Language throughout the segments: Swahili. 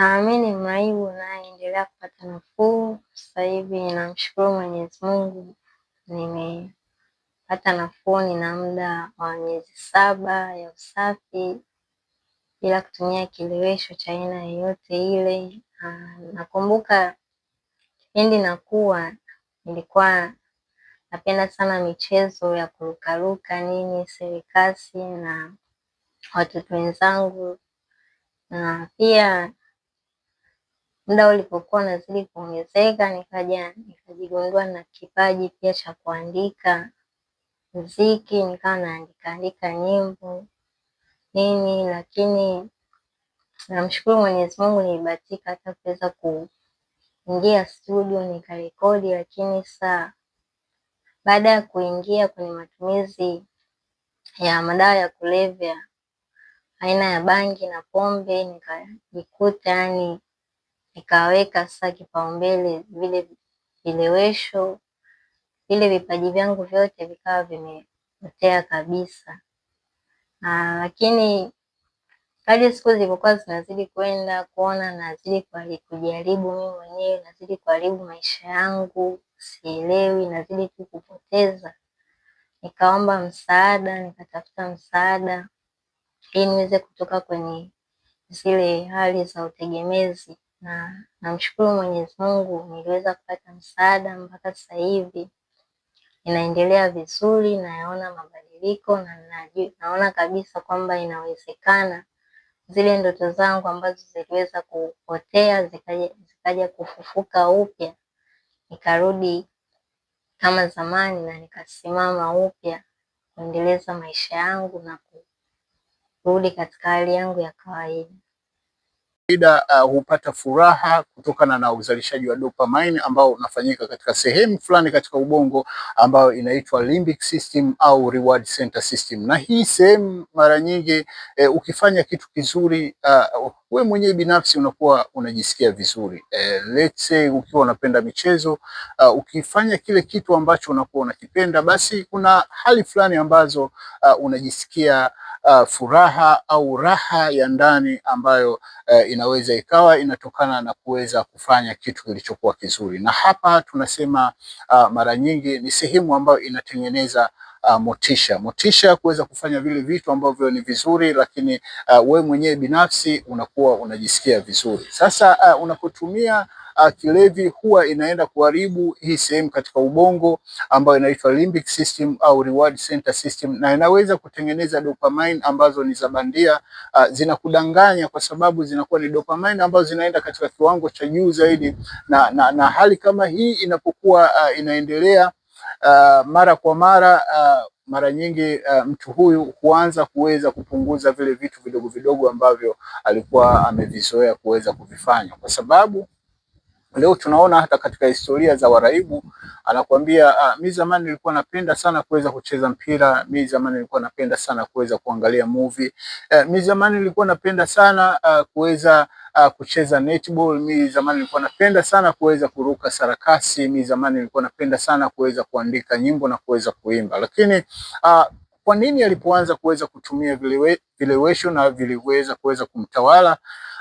Naamini naye endelea kupata nafuu sasa hivi. Namshukuru Mwenyezi Mungu, nimepata nafuu. Nina muda wa miezi saba ya usafi bila kutumia kilewesho cha aina yoyote ile. Nakumbuka kipindi nakuwa nilikuwa napenda sana michezo ya kurukaruka nini serikasi na watoto wenzangu, na pia Muda ulipokuwa unazidi kuongezeka, nikaja nikajigundua na kipaji pia cha kuandika muziki, nikawa andika nyimbo nini, lakini namshukuru Mwenyezi Mungu nilibahatika hata kuweza kuingia studio nikarekodi, lakini saa baada ya kuingia kwenye matumizi ya madawa ya kulevya aina ya bangi na pombe, nikajikuta yani nikaweka sasa kipaumbele vile vilewesho, vile vipaji vyangu vyote vikawa vimepotea kabisa. Aa, lakini kadri siku zilivyokuwa zinazidi kwenda, kuona nazidi kujaribu mimi mwenyewe, nazidi kuharibu maisha yangu, sielewi, nazidi tu kupoteza, nikaomba msaada, nikatafuta msaada ili niweze kutoka kwenye zile hali za utegemezi na namshukuru Mwenyezi Mungu niliweza kupata msaada mpaka sasa hivi inaendelea vizuri, nayaona mabadiliko na naona kabisa kwamba inawezekana zile ndoto zangu ambazo ziliweza kupotea zikaja, zikaja kufufuka upya, nikarudi kama zamani na nikasimama upya kuendeleza maisha yangu na kurudi katika hali yangu ya kawaida kawaida uh, hupata furaha kutokana na uzalishaji wa dopamine ambao unafanyika katika sehemu fulani katika ubongo ambayo inaitwa limbic system au reward center system. Na hii sehemu mara nyingi eh, ukifanya kitu kizuri uh, we mwenyewe binafsi unakuwa unajisikia vizuri eh, let's say ukiwa unapenda michezo uh, ukifanya kile kitu ambacho unakuwa unakipenda, basi kuna hali fulani ambazo uh, unajisikia uh, furaha au raha ya ndani ambayo uh, inaweza ikawa inatokana na kuweza kufanya kitu kilichokuwa kizuri, na hapa tunasema uh, mara nyingi ni sehemu ambayo inatengeneza Uh, motisha motisha kuweza kufanya vile vitu ambavyo ni vizuri, lakini uh, we mwenyewe binafsi unakuwa unajisikia vizuri. Sasa uh, unapotumia kilevi huwa inaenda kuharibu hii sehemu katika ubongo ambayo inaitwa limbic system au reward center system, na inaweza kutengeneza dopamine ambazo ni za bandia. Uh, zinakudanganya kwa sababu zinakuwa ni dopamine ambazo zinaenda katika kiwango cha juu zaidi, na, na, na hali kama hii inapokuwa uh, inaendelea uh, mara kwa mara uh, mara nyingi uh, mtu huyu huanza kuweza kupunguza vile vitu vidogo vidogo ambavyo alikuwa amevizoea kuweza kuvifanya kwa sababu Leo tunaona hata katika historia za waraibu anakuambia uh, mi zamani nilikuwa napenda sana kuweza kucheza mpira, mi zamani nilikuwa napenda sana kuweza kuangalia movie, Uh, mi zamani nilikuwa napenda sana uh, kuweza uh, kucheza netball, mi zamani nilikuwa napenda sana kuweza kuruka sarakasi, mi zamani nilikuwa napenda sana kuweza kuandika nyimbo na kuweza kuimba. Lakini uh, kwa nini alipoanza kuweza kutumia vilewesho na viliweza kuweza kumtawala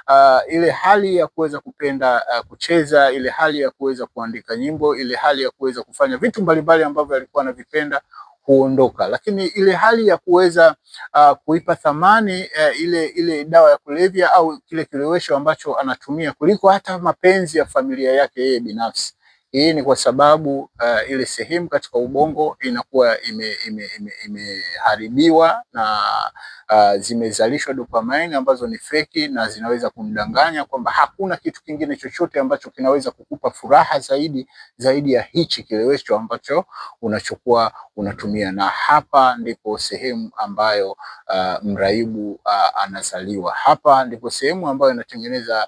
uh, ile hali ya kuweza kupenda uh, kucheza, ile hali ya kuweza kuandika nyimbo, ile hali ya kuweza kufanya vitu mbalimbali ambavyo alikuwa anavipenda kuondoka lakini ile hali ya kuweza uh, kuipa thamani uh, ile ile dawa ya kulevya au kile kilewesho ambacho anatumia kuliko hata mapenzi ya familia yake yeye binafsi. Hii ni kwa sababu uh, ile sehemu katika ubongo inakuwa imeharibiwa ime, ime, ime na uh, zimezalishwa dopamine ambazo ni feki na zinaweza kumdanganya kwamba hakuna kitu kingine chochote ambacho kinaweza kukupa furaha zaidi zaidi ya hichi kilewesho ambacho unachokuwa unatumia, na hapa ndipo sehemu ambayo uh, mraibu uh, anazaliwa. Hapa ndipo sehemu ambayo inatengeneza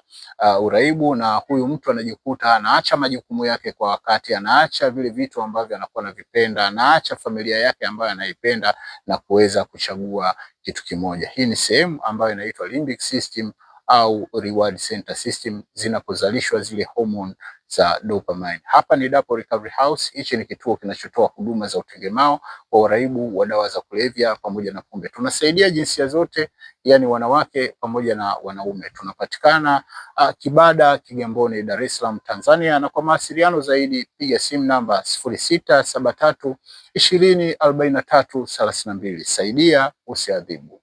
uh, uraibu, na huyu mtu anajikuta anaacha majukumu yake kwa wakati, anaacha vile vitu ambavyo anakuwa anavipenda, anaacha familia yake ambayo anaipenda na kuweza kuchagua kitu kimoja. Hii ni sehemu ambayo inaitwa limbic system au reward center system zinapozalishwa zile hormone za dopamine. Hapa ni Dapo Recovery House. Hichi ni kituo kinachotoa huduma za utegemao kwa waraibu wa dawa za kulevya pamoja na pombe. Tunasaidia jinsia zote, yani wanawake pamoja na wanaume. Tunapatikana uh, Kibada, Kigamboni, Dar es Salaam, Tanzania, na kwa mawasiliano zaidi piga simu namba 0673 20 43 32. Saidia usiadhibu.